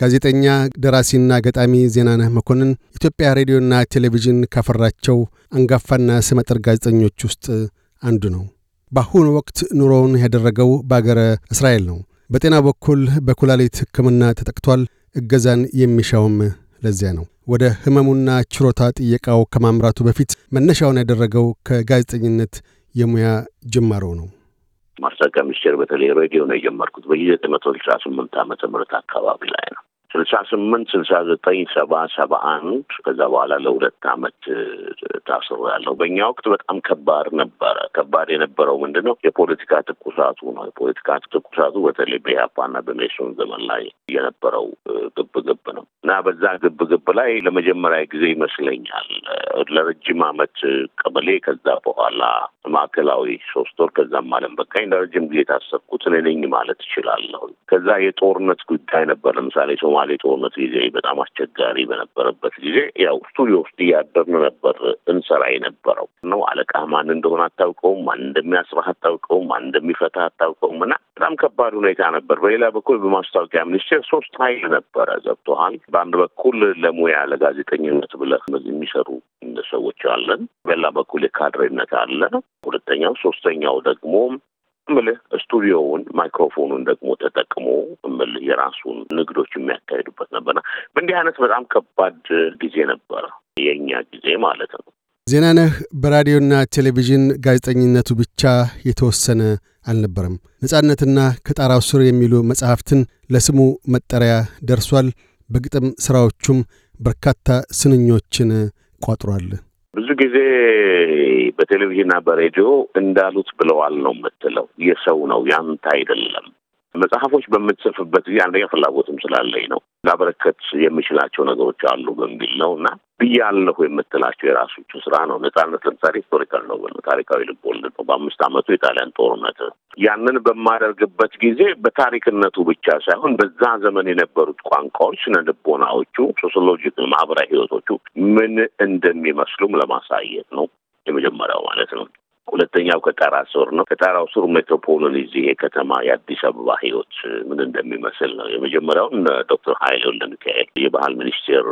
ጋዜጠኛ ደራሲና ገጣሚ ዜናነህ መኮንን ኢትዮጵያ ሬዲዮና ቴሌቪዥን ካፈራቸው አንጋፋና ስመጥር ጋዜጠኞች ውስጥ አንዱ ነው። በአሁኑ ወቅት ኑሮውን ያደረገው በአገረ እስራኤል ነው። በጤና በኩል በኩላሊት ሕክምና ተጠቅቷል። እገዛን የሚሻውም ለዚያ ነው። ወደ ህመሙና ችሮታ ጥየቃው ከማምራቱ በፊት መነሻውን ያደረገው ከጋዜጠኝነት የሙያ ጅማሮ ነው። ማስታወቂያ ሚኒስቴር በተለይ ሬዲዮ ነው የጀመርኩት በሺ ዘጠኝ መቶ ስልሳ ስምንት ዓመተ ምህረት አካባቢ ላይ ነው። ስልሳ ስምንት ስልሳ ዘጠኝ ሰባ ሰባ አንድ ከዛ በኋላ ለሁለት አመት ታስሮ ያለው በእኛ ወቅት በጣም ከባድ ነበረ። ከባድ የነበረው ምንድን ነው? የፖለቲካ ትኩሳቱ ነው። የፖለቲካ ትኩሳቱ በተለይ በኢህአፓና በሜሶን ዘመን ላይ የነበረው ግብ ግብ ነው እና በዛ ግብ ግብ ላይ ለመጀመሪያ ጊዜ ይመስለኛል ለረጅም አመት ቀበሌ ከዛ በኋላ ማዕከላዊ ሶስት ወር ከዛም አለም በቃኝ ለረጅም ጊዜ የታሰርኩት እኔ ነኝ ማለት እችላለሁ። ከዛ የጦርነት ጉዳይ ነበር። ለምሳሌ ሶማ በመሀል ጦርነት ጊዜ በጣም አስቸጋሪ በነበረበት ጊዜ ያው ስቱዲዮ ውስጥ እያደርን ነበር እንሰራ የነበረው ነው። አለቃ ማን እንደሆነ አታውቀውም፣ ማን እንደሚያስራህ አታውቀውም፣ ማን እንደሚፈታ አታውቀውም እና በጣም ከባድ ሁኔታ ነበር። በሌላ በኩል በማስታወቂያ ሚኒስቴር ሶስት ኃይል ነበረ ገብቶሃል። በአንድ በኩል ለሙያ ለጋዜጠኝነት ብለህ የሚሰሩ ሰዎች አለን። በሌላ በኩል የካድሬነት አለ። ሁለተኛው ሶስተኛው ደግሞ እምልህ ስቱዲዮውን ማይክሮፎኑን ደግሞ ተጠቅሞ እምልህ የራሱን ንግዶች የሚያካሄዱበት ነበርና በእንዲህ አይነት በጣም ከባድ ጊዜ ነበረ የእኛ ጊዜ ማለት ነው። ዜናነህ በራዲዮና ቴሌቪዥን ጋዜጠኝነቱ ብቻ የተወሰነ አልነበረም። ነጻነትና ከጣራው ስር የሚሉ መጽሐፍትን ለስሙ መጠሪያ ደርሷል። በግጥም ሥራዎቹም በርካታ ስንኞችን ቋጥሯል። ብዙ ጊዜ በቴሌቪዥንና በሬዲዮ እንዳሉት ብለዋል ነው የምትለው። የሰው ነው ያንተ አይደለም። መጽሐፎች በምትጽፍበት ጊዜ አንደኛ ፍላጎትም ስላለኝ ነው ላበረከት የሚችላቸው ነገሮች አሉ በሚል ነው እና ብያለሁ የምትላቸው የራሶቹ ስራ ነው። ነጻነት ለምሳሌ ሂስቶሪካል ነው ታሪካዊ ልቦለድ ነው። በአምስት ዓመቱ የጣሊያን ጦርነት ያንን በማደርግበት ጊዜ በታሪክነቱ ብቻ ሳይሆን በዛ ዘመን የነበሩት ቋንቋዎች፣ ስነ ልቦናዎቹ፣ ሶሲዮሎጂክ ማህበራዊ ህይወቶቹ ምን እንደሚመስሉም ለማሳየት ነው የመጀመሪያው ማለት ነው። ሁለተኛው ከጣራ ስር ነው። ከጣራው ስር ሜትሮፖልን እዚህ የከተማ የአዲስ አበባ ህይወት ምን እንደሚመስል ነው። የመጀመሪያውን ዶክተር ሀይሌ ሚካኤል የባህል ሚኒስቴር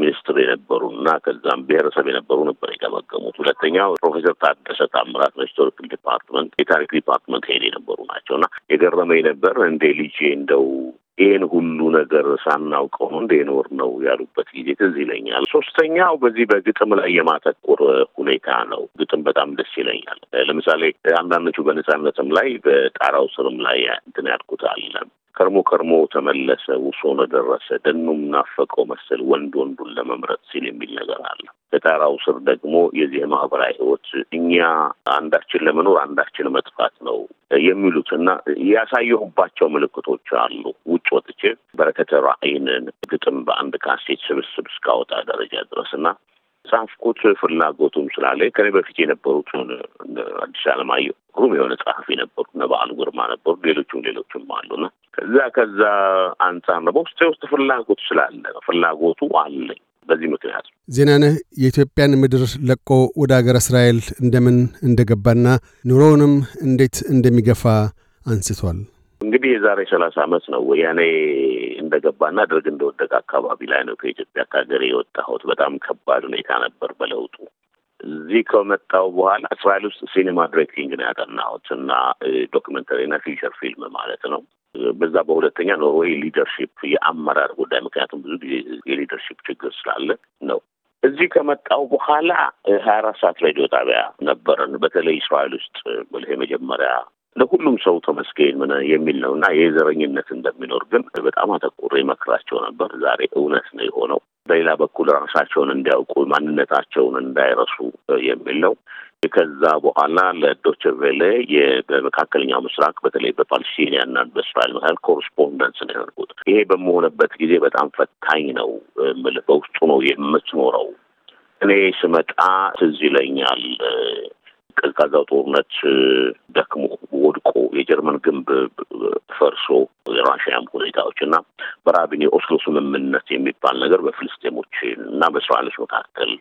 ሚኒስትር የነበሩ እና ከዛም ብሔረሰብ የነበሩ ነበር የገመገሙት። ሁለተኛው ፕሮፌሰር ታደሰ ታምራት በሂስቶሪካል ዲፓርትመንት የታሪክ ዲፓርትመንት ሄድ የነበሩ ናቸው እና የገረመኝ ነበር እንደ ልጄ እንደው ይህን ሁሉ ነገር ሳናውቀው ነው እንደ ኖር ነው ያሉበት ጊዜ ትዝ ይለኛል። ሶስተኛው በዚህ በግጥም ላይ የማተኮር ሁኔታ ነው። ግጥም በጣም ደስ ይለኛል። ለምሳሌ አንዳንዶቹ በነጻነትም ላይ በጣራው ስርም ላይ እንትን ያልኩታል ከርሞ ከርሞ ተመለሰ፣ ውሶ ነደረሰ፣ ደረሰ፣ ደኑም ናፈቀው መሰል ወንድ ወንዱን ለመምረጥ ሲል የሚል ነገር አለ። ከጣራው ስር ደግሞ የዚህ ማህበራዊ ህይወት እኛ አንዳችን ለመኖር አንዳችን መጥፋት ነው የሚሉት እና ያሳየሁባቸው ምልክቶች አሉ። ውጭ ወጥቼ በረከተ ራእይንን ግጥም በአንድ ካሴት ስብስብ እስካወጣ ደረጃ ድረስ እና ጻፍኩት ፍላጎቱም ስላለ ከኔ በፊት የነበሩት አዲስ አለማየሁ ግሩም የሆነ ጸሐፊ ነበሩ፣ እነ በዓሉ ግርማ ነበሩ፣ ሌሎቹም ሌሎችም አሉና ከዛ ከዛ አንጻር ነው በውስጤ ውስጥ ፍላጎት ስላለ ፍላጎቱ አለኝ። በዚህ ምክንያት ዜናነህ የኢትዮጵያን ምድር ለቆ ወደ አገር እስራኤል እንደምን እንደገባና ኑሮውንም እንዴት እንደሚገፋ አንስቷል። እንግዲህ የዛሬ ሰላሳ አመት ነው ወያኔ እንደገባና ደርግ እንደወደቀ አካባቢ ላይ ነው ከኢትዮጵያ ከሀገር የወጣሁት። በጣም ከባድ ሁኔታ ነበር በለውጡ። እዚህ ከመጣው በኋላ እስራኤል ውስጥ ሲኒማ ዲሬክቲንግ ነው ያጠናሁት እና ዶክመንተሪና ፊቸር ፊልም ማለት ነው። በዛ በሁለተኛ ኖርዌይ ሊደርሺፕ የአመራር ጉዳይ፣ ምክንያቱም ብዙ ጊዜ የሊደርሺፕ ችግር ስላለ ነው። እዚህ ከመጣው በኋላ ሀያ አራት ሰዓት ሬዲዮ ጣቢያ ነበረን። በተለይ እስራኤል ውስጥ በልሄ መጀመሪያ ለሁሉም ሰው ተመስገን ምን የሚል ነው እና የዘረኝነት ዘረኝነት እንደሚኖር ግን በጣም አተኩሬ መክራቸው ነበር። ዛሬ እውነት ነው የሆነው። በሌላ በኩል ራሳቸውን እንዲያውቁ ማንነታቸውን እንዳይረሱ የሚል ነው። ከዛ በኋላ ለዶች ቬለ በመካከለኛው ምስራቅ በተለይ በፓለስቲኒያ እና በእስራኤል መካከል ኮረስፖንደንስ ነው ያደርጉት። ይሄ በመሆንበት ጊዜ በጣም ፈታኝ ነው። በውስጡ ነው የምትኖረው። እኔ ስመጣ ትዝ ይለኛል ቀዝቃዛው ጦርነት ደክሞ ወድቆ የጀርመን ግንብ ፈርሶ የራሽያም ሁኔታዎች እና በራቢን የኦስሎ ስምምነት የሚባል ነገር በፍልስጤሞች እና በእስራኤሎች መካከል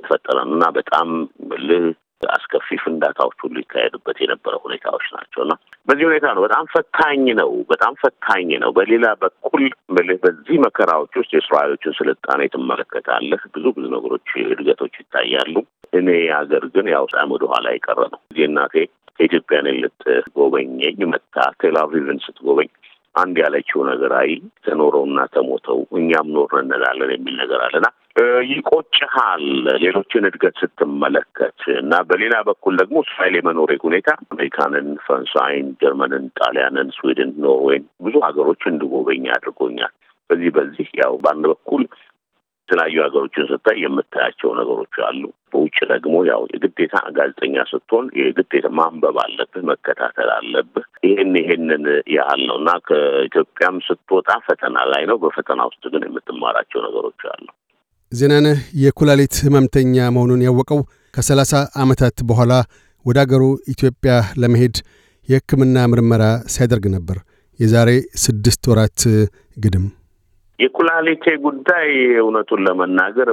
የፈጠረን እና በጣም ልህ አስከፊ ፍንዳታዎች ሁሉ ይካሄዱበት የነበረ ሁኔታዎች ናቸው እና በዚህ ሁኔታ ነው። በጣም ፈታኝ ነው። በጣም ፈታኝ ነው። በሌላ በኩል በዚህ መከራዎች ውስጥ የእስራኤሎችን ስልጣኔ ትመለከታለህ። ብዙ ብዙ ነገሮች እድገቶች ይታያሉ። እኔ ሀገር ግን ያው ሳም ወደ ኋላ የቀረ ነው። ጊዜ እናቴ ኢትዮጵያን ልትጎበኘኝ መታ ቴላቪቭን ስትጎበኝ አንድ ያለችው ነገር አይ ተኖረውና ተሞተው እኛም ኖር እንላለን የሚል ነገር አለና ይቆጭሃል ሌሎችን እድገት ስትመለከት እና በሌላ በኩል ደግሞ እስራኤል የመኖሬ ሁኔታ አሜሪካንን፣ ፈረንሳይን፣ ጀርመንን፣ ጣሊያንን፣ ስዊድን፣ ኖርዌይን ብዙ ሀገሮች እንድጎበኝ አድርጎኛል። በዚህ በዚህ ያው በአንድ በኩል የተለያዩ ሀገሮችን ስታይ የምታያቸው ነገሮች አሉ። በውጭ ደግሞ ያው የግዴታ ጋዜጠኛ ስትሆን የግዴታ ማንበብ አለብህ፣ መከታተል አለብህ። ይህን ይሄንን ያህል ነው እና ከኢትዮጵያም ስትወጣ ፈተና ላይ ነው። በፈተና ውስጥ ግን የምትማራቸው ነገሮች አሉ። ዜናነህ የኩላሊት ህመምተኛ መሆኑን ያወቀው ከሰላሳ ዓመታት በኋላ ወደ አገሩ ኢትዮጵያ ለመሄድ የሕክምና ምርመራ ሲያደርግ ነበር የዛሬ ስድስት ወራት ግድም የኩላሊቴ ጉዳይ እውነቱን ለመናገር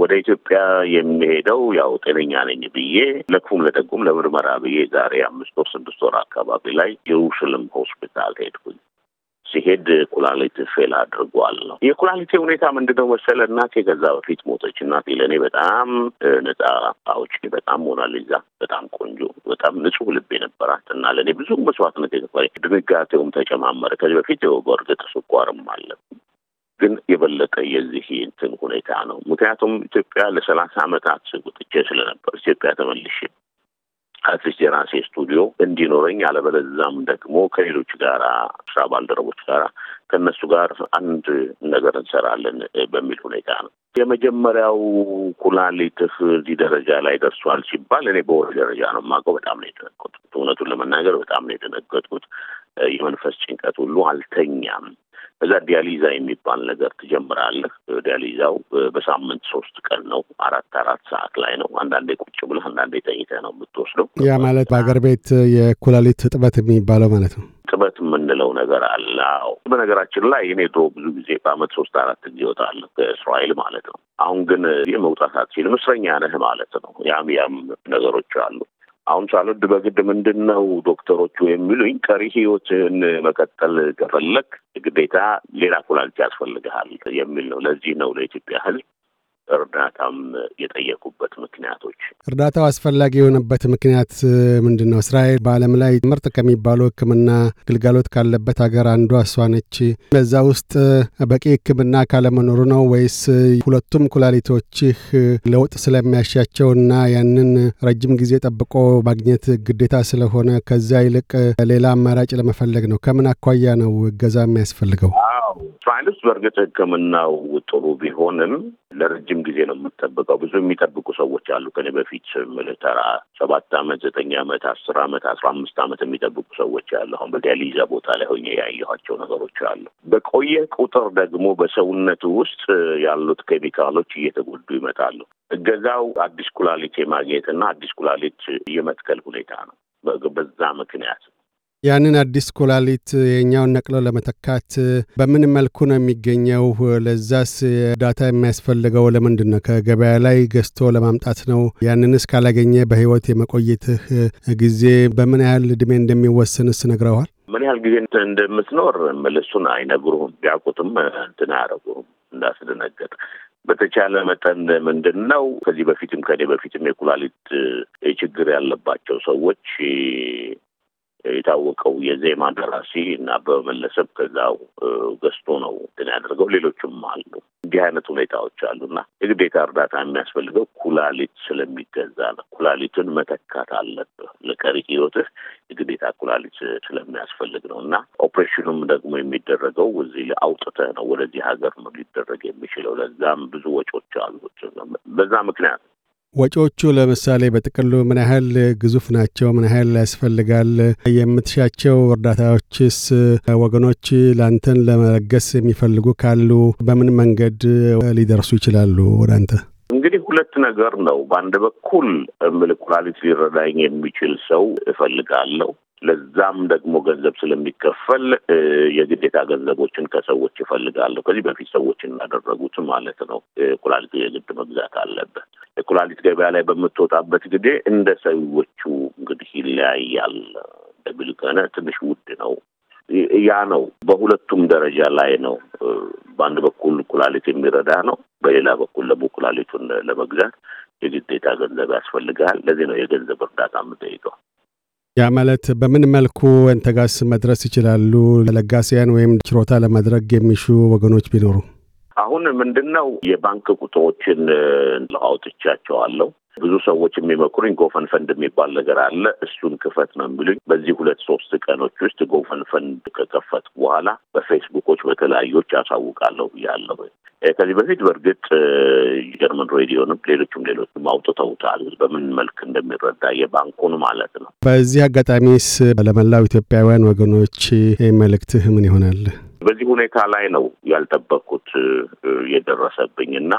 ወደ ኢትዮጵያ የሚሄደው ያው ጤነኛ ነኝ ብዬ ለክፉም ለጠጉም ለምርመራ ብዬ ዛሬ አምስት ወር ስድስት ወር አካባቢ ላይ የሩሽልም ሆስፒታል ሄድኩኝ። ሲሄድ ኩላሊት ፌል አድርጓል ነው። የኩላሊቴ ሁኔታ ምንድነው መሰለ፣ እናቴ ከዛ በፊት ሞተች። እናቴ ለእኔ በጣም ነጻ አውጪ፣ በጣም ሞናሊዛ፣ በጣም ቆንጆ፣ በጣም ንጹህ ልብ የነበራት እና ለእኔ ብዙ መስዋዕትነት የከፈለች ድንጋቴውም ተጨማመረ። ከዚህ በፊት በእርግጥ ስኳርም አለ ግን የበለጠ የዚህ እንትን ሁኔታ ነው። ምክንያቱም ኢትዮጵያ ለሰላሳ ዓመታት ወጥቼ ስለነበር ኢትዮጵያ ተመልሼ አትሊስት የራሴ ስቱዲዮ እንዲኖረኝ አለበለዛም ደግሞ ከሌሎች ጋር ስራ ባልደረቦች ጋር ከእነሱ ጋር አንድ ነገር እንሰራለን በሚል ሁኔታ ነው። የመጀመሪያው ኩላሊትህ እዚህ ደረጃ ላይ ደርሷል ሲባል እኔ በወር ደረጃ ነው የማውቀው። በጣም ነው የደነገጥኩት። እውነቱን ለመናገር በጣም ነው የደነገጥኩት። የመንፈስ ጭንቀት ሁሉ አልተኛም። ከዛ ዲያሊዛ የሚባል ነገር ትጀምራለህ። ዲያሊዛው በሳምንት ሶስት ቀን ነው። አራት አራት ሰዓት ላይ ነው። አንዳንዴ ቁጭ ብለህ፣ አንዳንዴ ተኝተህ ነው የምትወስደው። ያ ማለት በሀገር ቤት የኩላሊት እጥበት የሚባለው ማለት ነው። ጥበት የምንለው ነገር አለ። አዎ፣ በነገራችን ላይ እኔ ድሮ ብዙ ጊዜ በአመት ሶስት አራት ጊዜ እወጣለሁ ከእስራኤል ማለት ነው። አሁን ግን ይህ መውጣት አትችልም፣ እስረኛ ነህ ማለት ነው። ያም ያም ነገሮች አሉ። አሁን ሳልወድ በግድ ምንድን ነው ዶክተሮቹ የሚሉኝ ቀሪ ህይወትህን መቀጠል ከፈለግ ግዴታ ሌላ ኩላሊት ያስፈልግሃል የሚል ነው። ለዚህ ነው ለኢትዮጵያ ህዝብ እርዳታም የጠየቁበት ምክንያቶች እርዳታው አስፈላጊ የሆነበት ምክንያት ምንድን ነው? እስራኤል በዓለም ላይ ምርጥ ከሚባሉ ሕክምና ግልጋሎት ካለበት ሀገር አንዷ እሷ ነች። በዛ ውስጥ በቂ ሕክምና ካለመኖሩ ነው ወይስ ሁለቱም ኩላሊቶችህ ለውጥ ስለሚያሻቸው እና ያንን ረጅም ጊዜ ጠብቆ ማግኘት ግዴታ ስለሆነ ከዛ ይልቅ ሌላ አማራጭ ለመፈለግ ነው? ከምን አኳያ ነው እገዛ የሚያስፈልገው? እስራኤል በእርግጥ ህክምናው ጥሩ ቢሆንም ለረጅም ጊዜ ነው የምጠብቀው። ብዙ የሚጠብቁ ሰዎች አሉ። ከኔ በፊት ተራ ሰባት አመት ዘጠኝ አመት አስር አመት አስራ አምስት አመት የሚጠብቁ ሰዎች አሉ። አሁን በዲያሊዛ ቦታ ላይ ሆኜ ያየኋቸው ነገሮች አሉ። በቆየ ቁጥር ደግሞ በሰውነቱ ውስጥ ያሉት ኬሚካሎች እየተጎዱ ይመጣሉ። እገዛው አዲስ ኩላሊት የማግኘት እና አዲስ ኩላሊት የመትከል ሁኔታ ነው። በዛ ምክንያት ያንን አዲስ ኩላሊት የኛውን ነቅሎ ለመተካት በምን መልኩ ነው የሚገኘው? ለዛስ እርዳታ የሚያስፈልገው ለምንድን ነው? ከገበያ ላይ ገዝቶ ለማምጣት ነው? ያንንስ ካላገኘ በህይወት የመቆየትህ ጊዜ በምን ያህል እድሜ እንደሚወሰንስ ነግረዋል? ምን ያህል ጊዜ እንደምትኖር መልሱን አይነግሩም? ቢያውቁትም እንትን አያረጉም እንዳስደነገጥ በተቻለ መጠን ምንድን ነው ከዚህ በፊትም ከኔ በፊትም የኩላሊት ችግር ያለባቸው ሰዎች የታወቀው የዜማ ደራሲ እና በመለሰብ ከዛው ገዝቶ ነው እንትን ያደርገው። ሌሎችም አሉ። እንዲህ አይነት ሁኔታዎች አሉና የግዴታ እርዳታ የሚያስፈልገው ኩላሊት ስለሚገዛ ነው። ኩላሊትን መተካት አለብህ ለቀሪ ህይወትህ የግዴታ ኩላሊት ስለሚያስፈልግ ነው እና ኦፕሬሽኑም ደግሞ የሚደረገው እዚህ አውጥተህ ነው ወደዚህ ሀገር ነው ሊደረግ የሚችለው። ለዛም ብዙ ወጪዎች አሉ። በዛ ምክንያት ወጪዎቹ ለምሳሌ በጥቅሉ ምን ያህል ግዙፍ ናቸው? ምን ያህል ያስፈልጋል? የምትሻቸው እርዳታዎችስ ወገኖች ለአንተን ለመለገስ የሚፈልጉ ካሉ በምን መንገድ ሊደርሱ ይችላሉ ወደ አንተ? እንግዲህ ሁለት ነገር ነው። በአንድ በኩል እምልህ ኩላሊት ሊረዳኝ የሚችል ሰው እፈልጋለሁ። ለዛም ደግሞ ገንዘብ ስለሚከፈል የግዴታ ገንዘቦችን ከሰዎች ይፈልጋሉ። ከዚህ በፊት ሰዎች እናደረጉት ማለት ነው። ኩላሊት የግድ መግዛት አለበት። የኩላሊት ገበያ ላይ በምትወጣበት ጊዜ እንደ ሰዎቹ እንግዲህ ይለያያል። ደብል ከሆነ ትንሽ ውድ ነው። ያ ነው። በሁለቱም ደረጃ ላይ ነው። በአንድ በኩል ኩላሊት የሚረዳ ነው፣ በሌላ በኩል ደግሞ ኩላሊቱን ለመግዛት የግዴታ ገንዘብ ያስፈልግሃል። ለዚህ ነው የገንዘብ እርዳታ የምጠይቀው። ያ ማለት በምን መልኩ እንተጋስ መድረስ ይችላሉ? ለጋሲያን ወይም ችሮታ ለማድረግ የሚሹ ወገኖች ቢኖሩ አሁን ምንድን ነው የባንክ ቁጥሮችን ለአውጥቻቸዋለሁ። ብዙ ሰዎች የሚመክሩኝ ጎፈንፈንድ የሚባል ነገር አለ፣ እሱን ክፈት ነው የሚሉኝ። በዚህ ሁለት ሶስት ቀኖች ውስጥ ጎፈንፈንድ ከከፈት በኋላ በፌስቡኮች በተለያዮች አሳውቃለሁ ብያለሁ። ከዚህ በፊት በእርግጥ ጀርመን ሬዲዮንም ሌሎችም ሌሎችም አውጥተውታል፣ በምን መልክ እንደሚረዳ የባንኩን ማለት ነው። በዚህ አጋጣሚስ ለመላው ኢትዮጵያውያን ወገኖች መልእክትህ ምን ይሆናል? በዚህ ሁኔታ ላይ ነው ያልጠበቅኩት የደረሰብኝ እና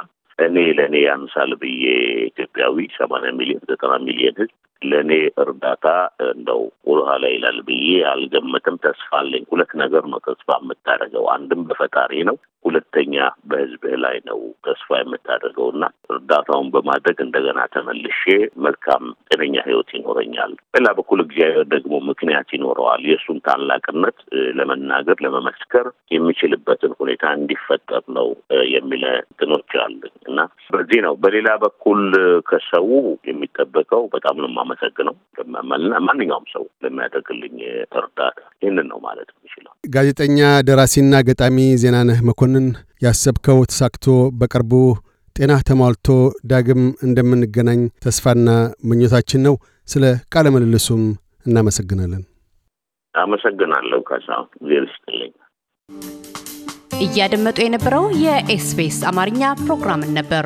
እኔ ለእኔ ያንሳል ብዬ ኢትዮጵያዊ ሰማንያ ሚሊዮን ዘጠና ሚሊዮን ህዝብ ለእኔ እርዳታ እንደው ወደኋላ ላይ ይላል ብዬ አልገምትም። ተስፋ አለኝ። ሁለት ነገር ነው ተስፋ የምታደርገው አንድም በፈጣሪ ነው፣ ሁለተኛ በህዝብህ ላይ ነው ተስፋ የምታደርገው እና እርዳታውን በማድረግ እንደገና ተመልሼ መልካም ጤነኛ ህይወት ይኖረኛል። በሌላ በኩል እግዚአብሔር ደግሞ ምክንያት ይኖረዋል። የእሱን ታላቅነት ለመናገር ለመመስከር የሚችልበትን ሁኔታ እንዲፈጠር ነው የሚለ ትኖች አለ እና በዚህ ነው። በሌላ በኩል ከሰው የሚጠበቀው በጣም ነው የማመሰግነው ማንኛውም ሰው ለሚያደርግልኝ እርዳታ ይህንን ነው ማለት የምችለው። ጋዜጠኛ ደራሲና ገጣሚ ዜናነህ መኮንን አሁንን ያሰብከው ተሳክቶ በቅርቡ ጤና ተሟልቶ ዳግም እንደምንገናኝ ተስፋና ምኞታችን ነው። ስለ ቃለ ምልልሱም እናመሰግናለን። አመሰግናለሁ ካሳሁን፣ እግዜር እያደመጡ የነበረው የኤስቢኤስ አማርኛ ፕሮግራምን ነበር።